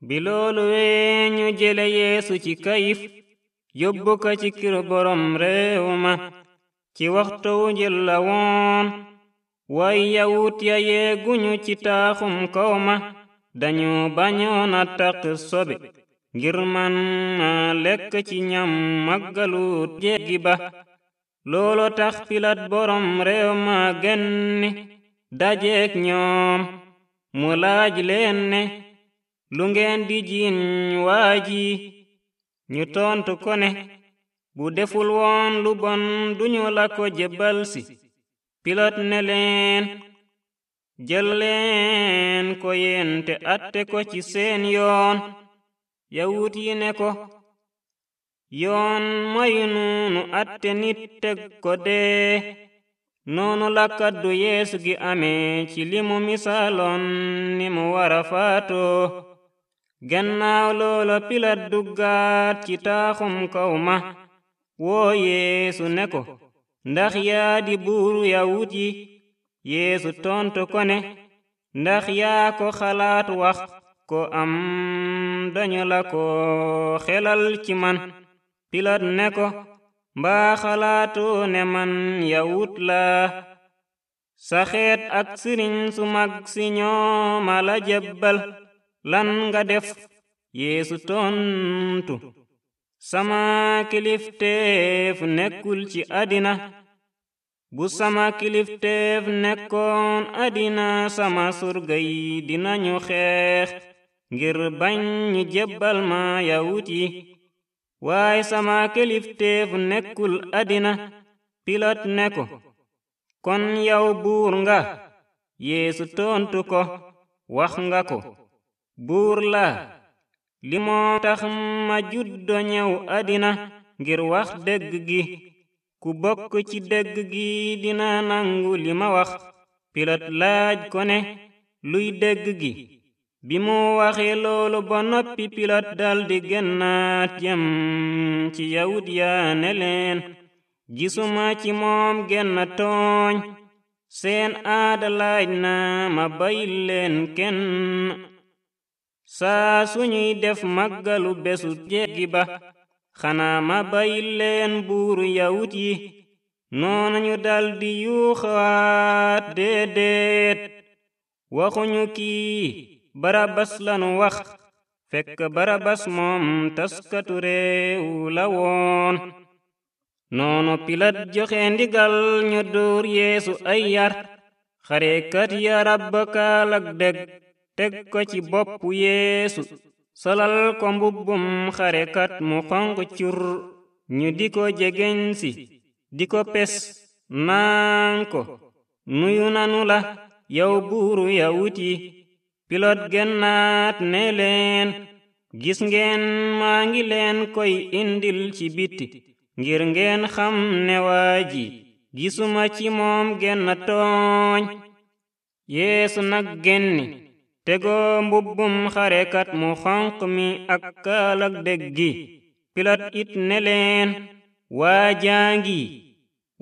bi loolu wee ñu jële yeesu ci kayif yóbbu ko ci kër borom réew ma ci waxtowu njël la woon way yawut ya yeeguñu ci taaxum kaw ma dañu bañoon a taq sobe ngir man ma lekk ci ñam màggalu jéggi ba loolo tax pilaat borom réew ma genni dajeek ñoom mu laaj leen lu ngeen di jiin waa ñu tontu ko ne bu deful woon lu bon duñu la ko jébbal si pilote ne leen jël leen ko yéen te atte ko ci seen yoon yawut yi ne ko yoon mayunu nu atte nit teg ko de noonu la kaddu yeesu gi amee ci limu misaaloon ni mu wara faatoo gannaaw loola pilat duggaat ci taaxum kaw ma woo yeesu ne ko ndax yaa di buuru yawut yi yeesu tontu ko ne ndax yaa ko xalaat wax ko am dañu la ko xelal ci man pilat ne ko mbaa xalaatoo ne man yawut laa sa xeet ak sëriñ su mag si ñooma la jebbal lan nga def yeesu tontu sama kilifteef nekkul ci àddina bu sama kilifteef nekkoon àddina sama surga yi dinañu xeex ngir bañ ñu jébbal ma yawut yi waaye sama kilifteef nekkul àddina pilot nekko ko kon yow buur nga yeesu tontu ko wax nga ko buur la li moo tax ma juddo ñëw àddina ngir wax dëgg gi ku bokk ci dëgg gi dina nangu li ma wax pilat laaj ko ne luy dëgg gi bi mu waxee loolu ba noppi pilat daldi gennaat jëm ci yawut yaa ne ci moom genn tooñ seen aada laaj na ma bayil leen kenn saa suñuy def maggalu besu jéggi ba xanaa ma bayil leen buuru yawut yi noonu ñu daldi yuuxaat déedéet waxuñu ki barabas lanu wax fekk barabas moom taskatu réew la woon noonu pilat joxe ñu dóor yeesu ay yar xarekat ya rabbakaal ak dëgg teg ko ci bopp yeesu solal ko mbubbum xarekat mu xonq cur ñu di ko jegeñ si ko pes naan ko nuyu nanu yow buuru yawut yi pilot gennaat ne leen gis ngeen maa ngi leen koy indil ci biti ngir ngeen xam ne ji gisuma ci moom genn tooñ yeesu nag tegoo mbubbum xarekat mu xonq mi ak kaalak dég gi pilat it ne leen waa jaangi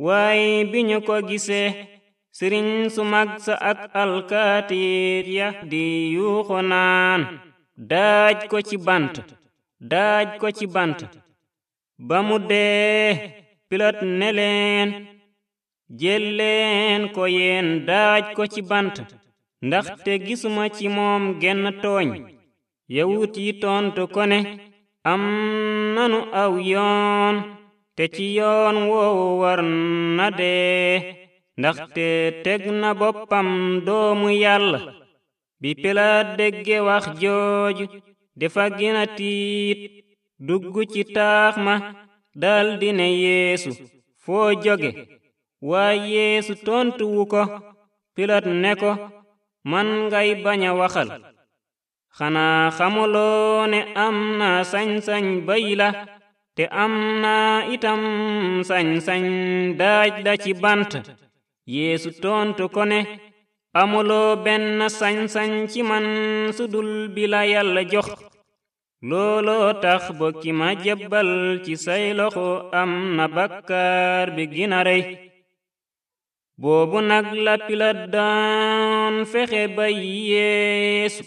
waaye ko gisee sëriñ su mag sa ak alkaatiit ya di yuuxu naan daaj ko ci bant daaj ko ci banta ba mu dee pilat ne leen ko yeen daaj ko ci bant ndaxte gisuma ci moom genn tooñ yawut yi ko ne am nanu aw yoon te ci yoon woowu war na dee ndaxte teg na boppam doomu yàlla bi pilaat dégge wax jooju dafa gën tiit dugg ci taax ma daldi ne yeesu foo joge waa yeesu tontuwu ko pilaat ne ko man ngay bañ a waxal xanaa xamuloo ne am na sañ-sañ bay la te am naa itam sañ-sañ daaj da ci bant yeesu tontu ko ne amuloo benn sañ-sañ ci man sudul bila la yàlla jox looloo tax ba ki ma jébbal ci say am na bakkaar bi gina rey boobu nag la pilaat daan fexe ba yeesu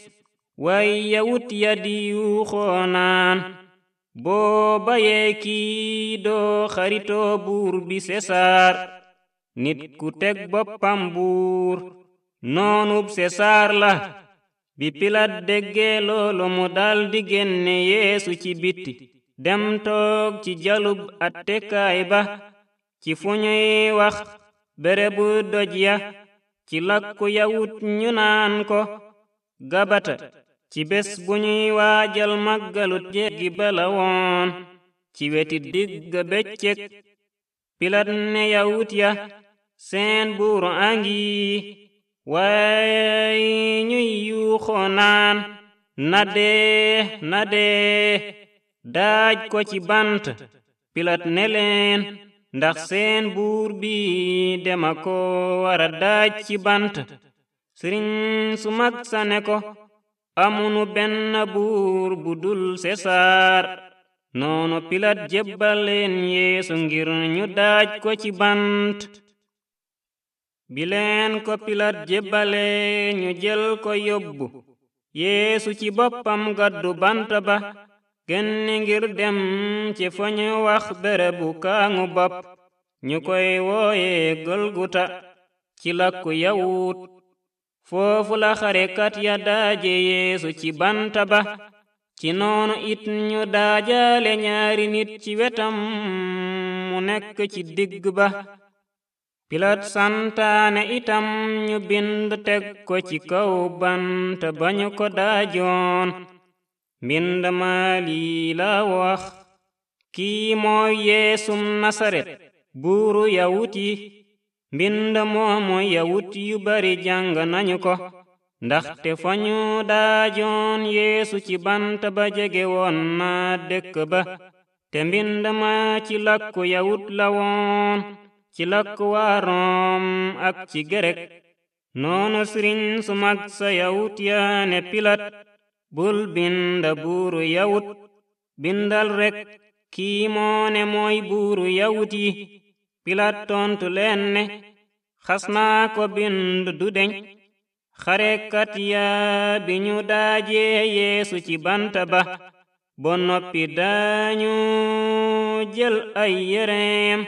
waaye yawut ya di yuuxoo naan boo bayee kii doo xaritoo buur bi sesaar nit ku teg boppam buur noonub sesaar la bi pilaat déggee loolu mu daldi génne yeesu ci biti dem toog ci jalub attekaay ba ci fu wax bérébu doj ya ci làkku yawut ñu naan ko gabata ci bés bu ñuy waajal màggalut jéggi bala woon ci weti digg bëccëg pilat ne yawut ya seen buuru angi waaye ñuy yuuxoo naan na dee daaj ko ci bant pilat ne ndax seen buur bi dema ko wara daaj ci bant sëriñ su mag ko amunu benn buur bu dul sesaar noonu pilat jébbal leen yeesu ngir ñu daaj ko ci bant bileen ko pilat jébbale ñu jël ko yóbbu yeesu ci boppam gaddu bant ba génn ngir dem ci fa ñu wax bérébu kaaŋu bopp ñu koy wooye golguta ci lakku yawut foofu la xarekat ya daaje yéesu ci banta ba ci noonu it ñu daajaale ñaari nit ci wetam mu nekk ci digg ba pilaat santaane itam ñu bind teg ko ci kaw bant ba ñu ko daajoon mbind ma lii la wax kii mooy yeesum nasaret buuru yawut yi mbind yu bari jàng nañu ko ndaxte fa ñu daajoon yéesu ci bant ba jege woon na dëkk ba te mbind ci lakku yawut la woon ci lakku waa ak ci gerek noonu sëriñ su sa yawut ya ne bul bind buuru yawut bindal rekk kii moo mooy buuru yawut yi pilaat tontu leen ne xas naa ko bind du deñ xarekat yaa bi ñu daajee yeesu ci banta ba ba noppi daañu jël ay yéreem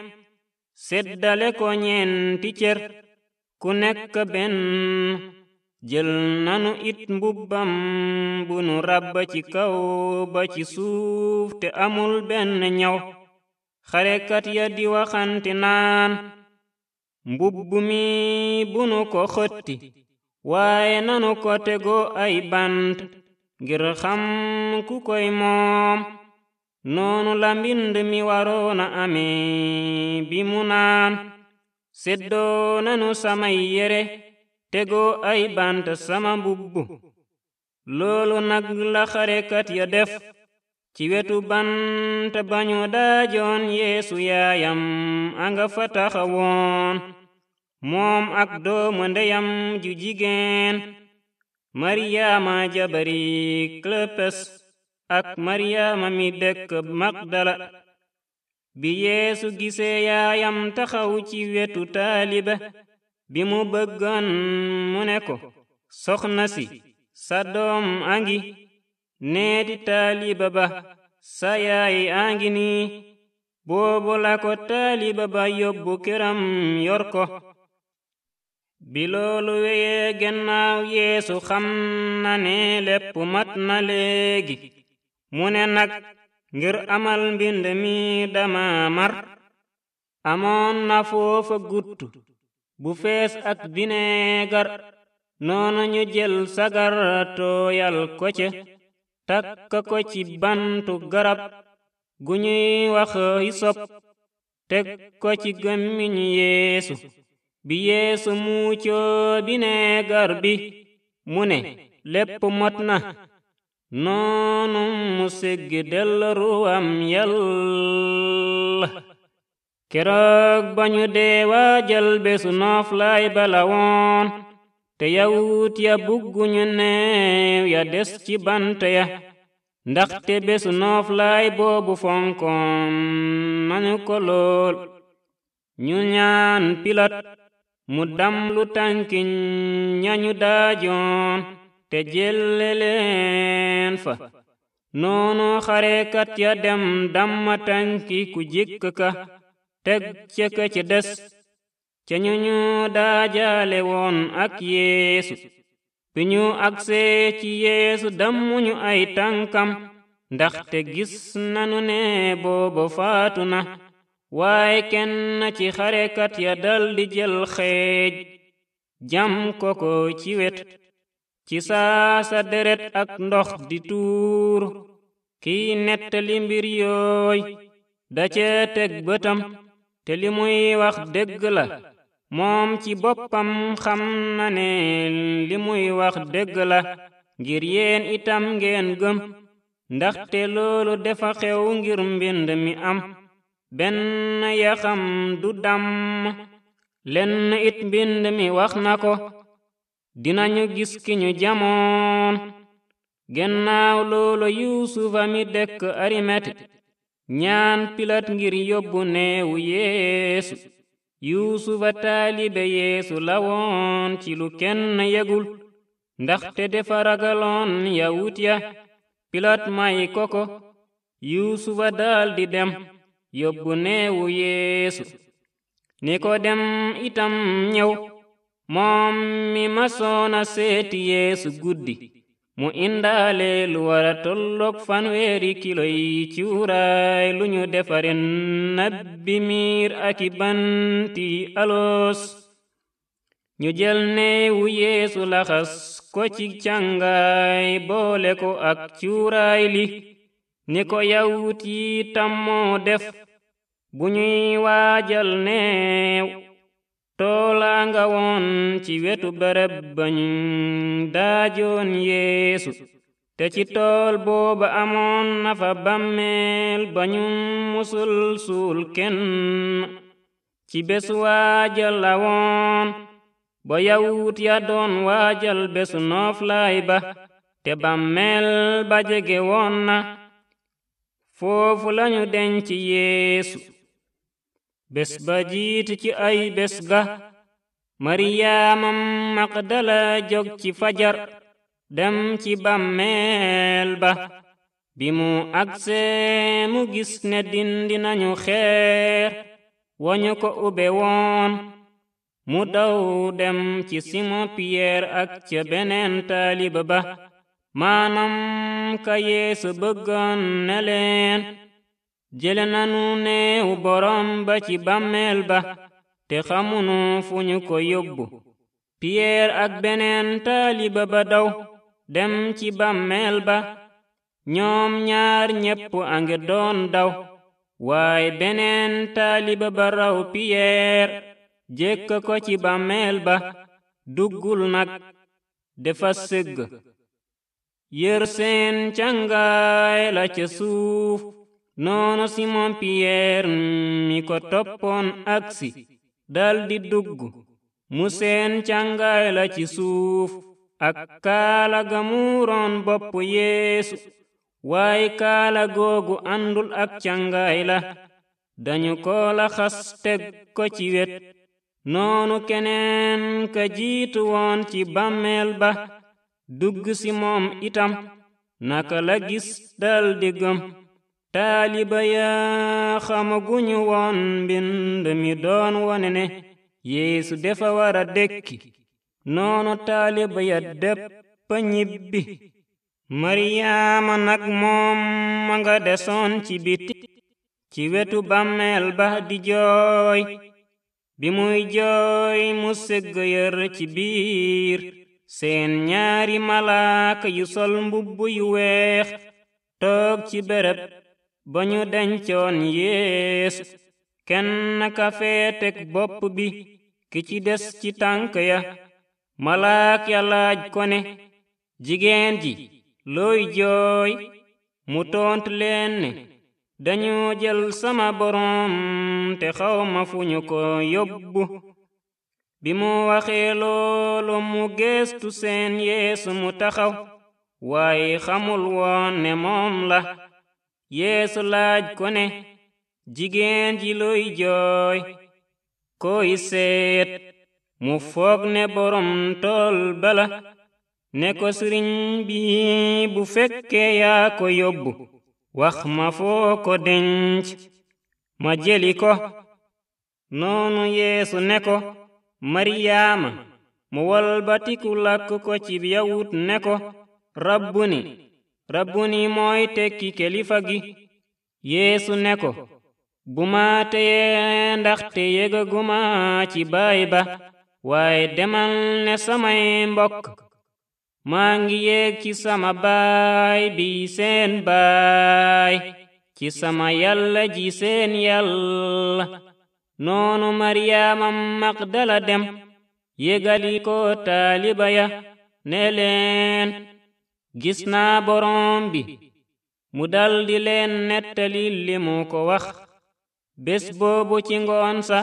seddale ko ñeenti cër ku nekk benn jël nanu it mbubbam bu nu ci kaw ba ci suuf amul benn ñaw xarekat ya di waxante naan mbubb mi ko xëtti waaye nanu ko tegoo ay bant ngir xam ku koy moom noonu la waroona amee bi mu naan seddoo nanu samay yére tegoo ay bant sama mbubb loolu nag la xarekat ya def ci wetu bant bañu daajoon yeesu yaayam a nga fa taxawoon moom ak doomu ndeyam ju jigéen maryaama jabari clepas ak maryaama mi dëkk magdala bi yeesu gisee yaayam taxaw ci wetu taaliba bi mu bëggoon mu ne ko soxna si a ngi neeti taaliba ba sa a ngi nii boobu la ko taaliba ba yóbbu këram yor ko bi loolu weyee gannaaw yeesu xam na ne lépp mat na léegi mu nag ngir amal mbind mi dama mar amoon na foofa guttu bu fees ak bineegar noonu ñu jël sagar tooyal ko ca takk ko ci bantu garab gu ñuy wax hisop teg ko ci gëmmiñ yeesu bi yeesu muucoo bineegar bi mu ne lépp mot na noonu mu siggi del ruwam yàlla keroog bañu dee waajal bésu noof bala woon te yawut ya bugguñu neew ya des ci bant ya ndaxte bésu nooflaay boobu fonkoon nañu ko lool ñu ñaan pilat mu damlu tànki ñañu daajoon te jëlle leen fa noonu xarekat ya dem damma tànki ku jikk ka teg ca ka ca des daajaale woon ak yeesu bi ñu agsee ci yeesu dammuñu ay tànkam ndaxte gis nanu ne booba faatu na waaye kenn ci xarekat ya daldi jël xeej jam ko ko ci wet ci saa sa deret ak ndox di tuur kiy nettali mbir yooy da ca bëtam te li muy wax dëgg moom ci boppam xam na ne li muy wax dëgg ngir yéen itam ngeen gëm ndaxte loolu dafa xew ngir mbind mi am benn yaxam du dàmm lenn it mbind mi wax na ko dinañu gis jamoon gennaaw loolu yuusufa mi dëkk arimeti ñaan pilat ngir yóbbu neewu yeesu yuusufa taalibe yeesu lawoon ci kenn yegul ndaxte dafa ragaloon yawut ya pilat may ko ko yuusufa daldi dem yóbbu neewu ko dem itam ñëw moom mi masoona seeti yéesu guddi mu indaale lu wara tolloog fanweeri kilo yi cuuraay lu ñu defare nabbi miir ak i banti aloos ñu jël neewu yéesu laxas ko ci càngaay boole ko ak cuuraay li ni ko yawut yi tammoo def bu ñuy waajal neew toolaa nga woon ci wetu barab bañu daajoon yeesu te ci tool booba amoon nafa fa bàmmeel bañu musul suul kenn ci bés waajal la woon ba yawut ya doon waajal bésu lay ba te bàmmeel ba jege woon na foofu lañu denc yéesu bés ba jiitu ci ay bés ga maryaamam magdala jog ci fajar dem ci bàmmeel ba bi mu agsee mu gis ne dindi nañu xeer wañu ko ube woon mu daw dem ci simon piyeer ak ca beneen taaliba ba maanam ka yeesu bëggoon ne leen jële nanu neewu borom ba ci bàmmeel ba te xamunu fu ñu ko yóbbu piyeer ak beneen taaliba ba daw dem ci bàmmeel ba ñoom ñaar ñépp a ngi doon daw waaye beneen taaliba ba raw piyeer jékk ko ci bàmmeel ba duggul nag dafa sëgg yër seen càngaay la ca suuf noonu Simon Piyeer mi ko toppoon aksi daldi dugg mu seen càngaay la ci suuf ak kaala ga muuroon bopp yeesu waaye kaala googu àndul ak càngaay la dañu ko laxas teg ko ci wet noonu keneen ka jiitu woon ci bàmmeel ba dugg si moom itam naka la gis daldi gëm taaliba yaa xamaguñu woon mbind mi doon wone ne yeesu dafa war a dekki noonu taaliba ya dëppa ñibbi maryaama nag moom ma nga desoon ci biti ci wetu bàmmeel ba di jooy bi muy jooy mu sëgg ci biir seen ñaari malaaka yu sol mbubb yu weex toog ci bereb ba ñu dencoon yeesu kenn ka fee bopp bi ki ci des ci tànk ya malaak ya laaj ko ne jigéen ji looy jooy mu tontu leen ne dañu jël sama boroom te xawma fu ñu ko yóbbu bi mu waxee mu geestu seen yéesu mu taxaw waaye xamul woon ne moom la yéesu laaj ko ne jigéen ji jooy koy seet mu foog ne borom tool bala ne ko sëriñ bi bu fekkee yaa ko yóbbu wax ma foo ko denc ma jeli ko noonu yeesu ne ko mariyaama mu walbatiku lakk ko cib yawut ne ko rabbuni rabbu ni mooy tekki kilifa gi yéesu ne ko bu ma teye ndaxte yëgaguma ci baay ba waaye demal ne samay mbokk maa ngi yéeg ci sama baay bi seen baay ci sama yalla ji seen yàlla noonu maryaamam magdala dem yégali ko taaliba ya ne leen gis naa boroom bi mu daldi leen nettali li ko wax bés boobu ci ngoon sa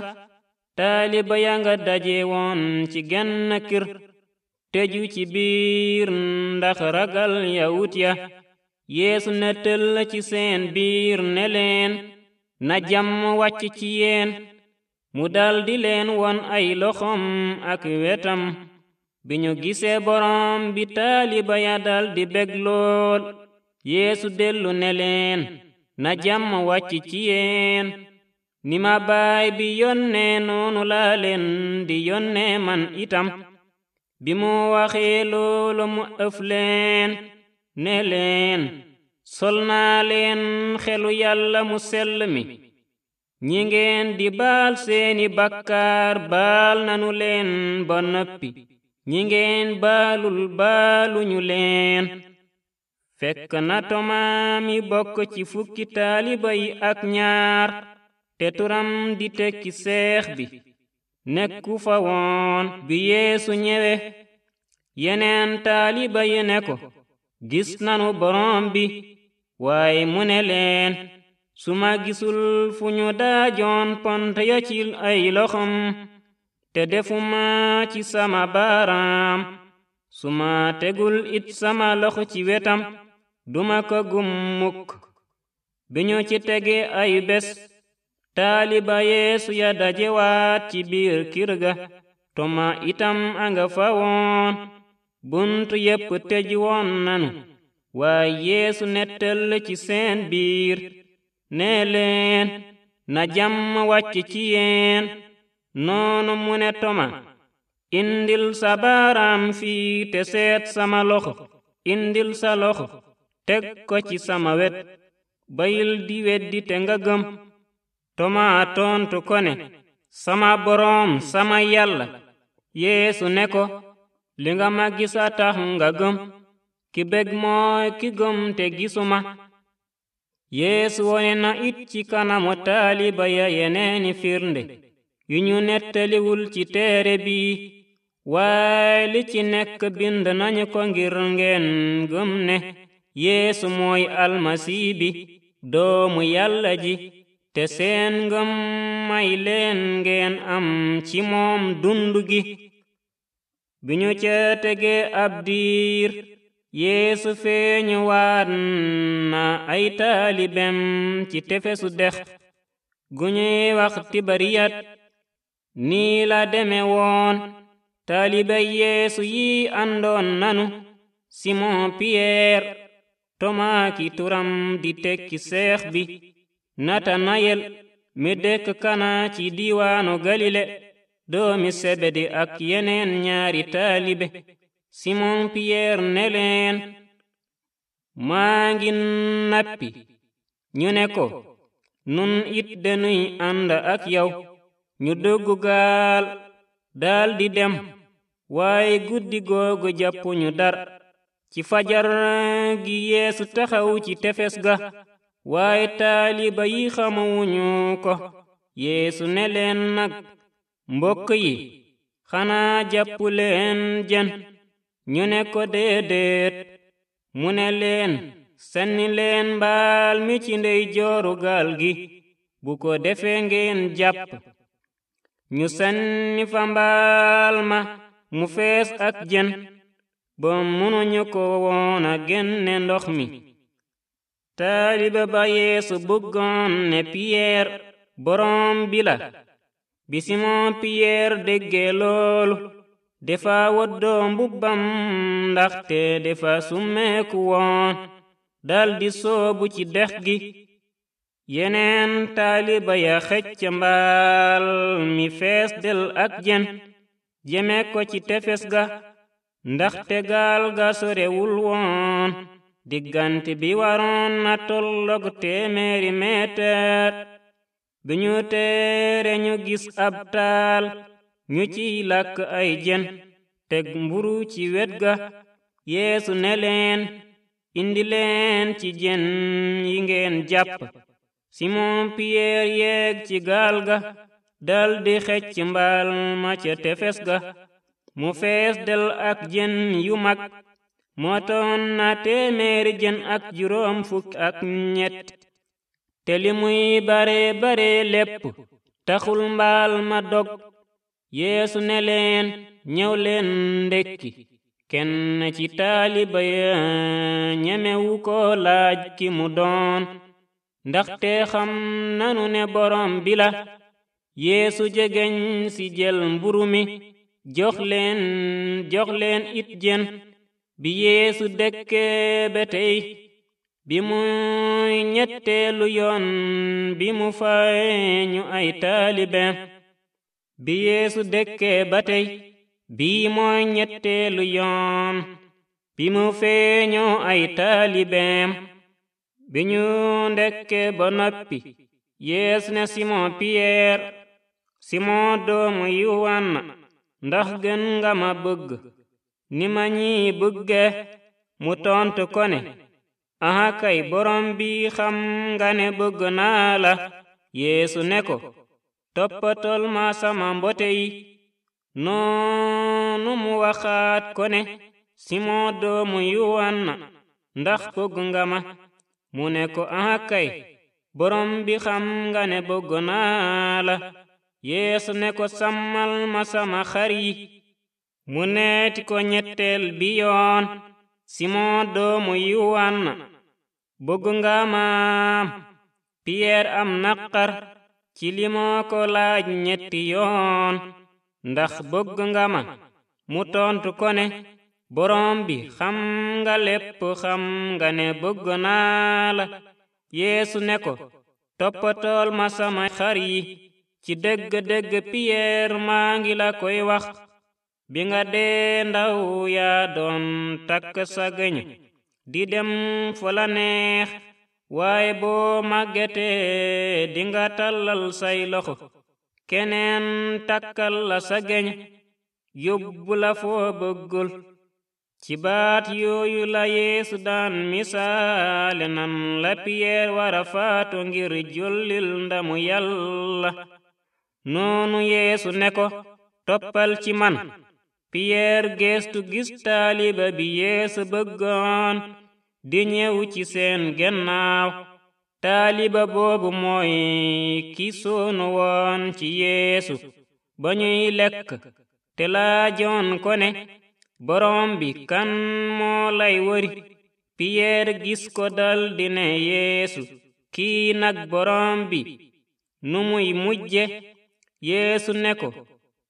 taaliba ya nga daje woon ci genn kër tëju ci biir ndax ragal yawut ya yeesu nettal la ci seen biir ne na jàmm wàcc ci yeen mu daldi leen won ay loxom ak wetam bi ñu gisee borom bi taaliba ya dal di bég yéesu dellu ne leen na jàmm wàcc ci yéen ni ma baay bi yónnee noonu laa leen di yónnee man itam bi mu waxee loolu mu ëf leen ne sol naa xelu yàlla mu sell mi ñi ngeen di baal seeni bakkaar baal nanu leen ba noppi ñi ngeen baalul baaluñu leen fekk na tomaa mi bokk ci fukki taaliba yi ak ñaar te turam di tekki seex bi nekku fa woon bi yeesu ñëwe yeneen taaliba yi ne gis nanu borom bi waaye mu ne leen su gisul fu ñu daajoon pont ya ci ay loxom te defuma ci sama baaraam su ma tegul it sama loxo ci wetam duma ko gum mukk bi ñu ci tege ay bés taaliba yeesu ya dajewaat ci biir kër ga toma itam anga fa woon buntu yépp tëj woon nanu waaye yeesu nettal ci seen biir nee na jàmm wàcc ci yeen noonu mu ne toma indil sa baaraam fii te seet sama loxo indil sa loxo teg ko ci sama wet bayil di weddi te nga gëm toma tontu ko ne sama boroom sama yàlla yeesu ne ko li nga ma gisa tax nga gëm ki bég mooy ki gëm te gisuma yeesu wone na it ci kanamu taaliba ya yeneeni firnde yu ñu nettaliwul ci téere bi waaye li ci nekk bind nañu ko ngir ngeen gëm ne yéesu mooy almasi bi doomu yàlla ji te seen ngëm may leen ngeen am ci moom dund gi bi ñu ca tegee ab diir yeesu feeñu waat na ay taalibem ci tefesu dex gu ñuy wax tibariyat nii la deme woon taalibe yeesu yi àndoon nanu simon piyeer tomaa turam di tekki seex bi natanayel mi dëkk kana ci diiwaanu galile doomi sebedi ak yeneen ñaari taalibe simon piyeer ne leen maa ngi nappi ñu ko nun it denuy ànd ak yow ñu dugg gaal daldi dem waaye guddi googu jàppuñu dar ci fajar gi yéesu taxawu ci tefes ga waaye taaliba yi xamuwuñu ko yeesu ne leen nag mbokk yi xanaa jàppu jen ñu ne ko déedéet mu ne leen sànni leen mbaal mi ci ndey jooru gaal gi bu ko defee ngeen jàpp ñu sànni fa mbaal ma mu fees ak jën ba mënuñu ko woon ndox mi taaliba ba yeesu bëggoon ne piyeer boroom bi la bi simon piyeer déggee loolu dafa woddoo mbubbam ndaxte dafa summeeku woon daldi soobu ci dex gi yeneen taaliba ya xëcc mbaal mi fees del ak jen jeme ko ci tefes ga ndaxte gaal ga sorewul woon diggante bi waroon na tolloog téeméeri meetar bi ñu ñu gis ab taal ñu ciy làkk ay jen teg mburu ci wet ga yeesu ne indileen ci jen yi ngeen jàpp simon piyeer yeeg ci gaal ga daldi xecc mbaal ma ca tefes ga mu fees del ak jën yu mag mootoon na téeméeri jën ak juróom fukk ak ñett te li muy bare bare lépp taxul mbaal ma dog yeesu ne leen ñëw leen ndekki kenn ci taaliba ya ñemewu ko laaj ki mu doon ndaxte xam nanu ne borom bi la yeesu jegeñ si jël mburu mi jox leen it jën bi yeesu dekkee ba bi muy ñetteelu yoon bi mu feeñu ay taalibe bi yeesu dekkee ba tey bii ñetteelu yoon bi mu feeñu ay taalibeem bi ñu ndekkee ba noppi yeesu ne simon piyeer simon doomu yuwanna ndax gën nga ma bëgg ni ma ñii bëgge mu tontu ko ne aha kay borom bi xam nga ne bëgg naa la yeesu ne ko toppatol ma sama mbote yi noonu mu waxaat ko simon doomu yuwanna ndax bëgg nga ma mu ne ko aha borom bi xam nga ne bëgg naa la yeesu ne ko sàmmal ma sama xar yi mu neeti ko ñetteel bi yoon simon doomu yuwanna bëgg nga maam piyeer am naqar ci li ko laaj ñetti yoon ndax bëgg nga ma mu tontu ko ne boroom bi xam nga lépp xam nga ne bëgg naa la yeesu ne ko toppatool ma sama ci dëgg-dëgg piyeer maa ngi la koy wax bi nga dee ndaw yaa doon takk sa gëñ di dem fu la neex waaye boo màggetee di nga say loxo keneen takkal la sa yóbbu la foo bëggul ci baat yooyu la yéesu daan misaale nan la piyeer wara faatu ngir jullil ndamu yàlla noonu yeesu ne ko toppal ci man piyeer geestu gis taaliba bi yeesu bëggoon di ñëw ci seen gennaaw taaliba boobu mooy ki soonu woon ci yéesu ba lekk te laajoon ko ne borom kan moo lay piyeer gis ko dal di ne yeesu kii nag borom bi nu muy mujje yeesu ne ko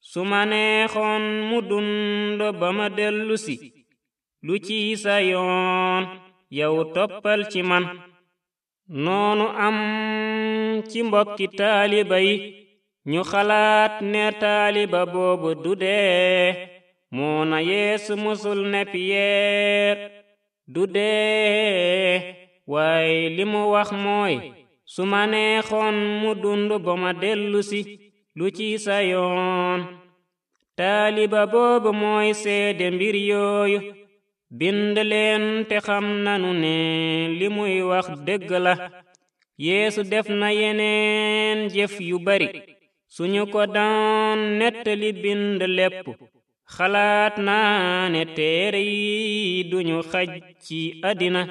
su mu dundo ba ma dellusi lu ci sa yoon yow toppal ci man noonu am ci mbokki taaliba yi ñu xalaat ne taaliba boobu du dee moona yeesu musul ne piyeer du dee waaye li wax mooy su ma mu dund ba ma dellusi lu ci sa yoon taaliba boobu mooy seede mbir yooyu bind leen te xam nanu ne li wax dëgg la yeesu def na yeneen jëf yu bari suñu ko daan nettali bind lépp xalaat naa ne téere yi duñu xaj ci àddina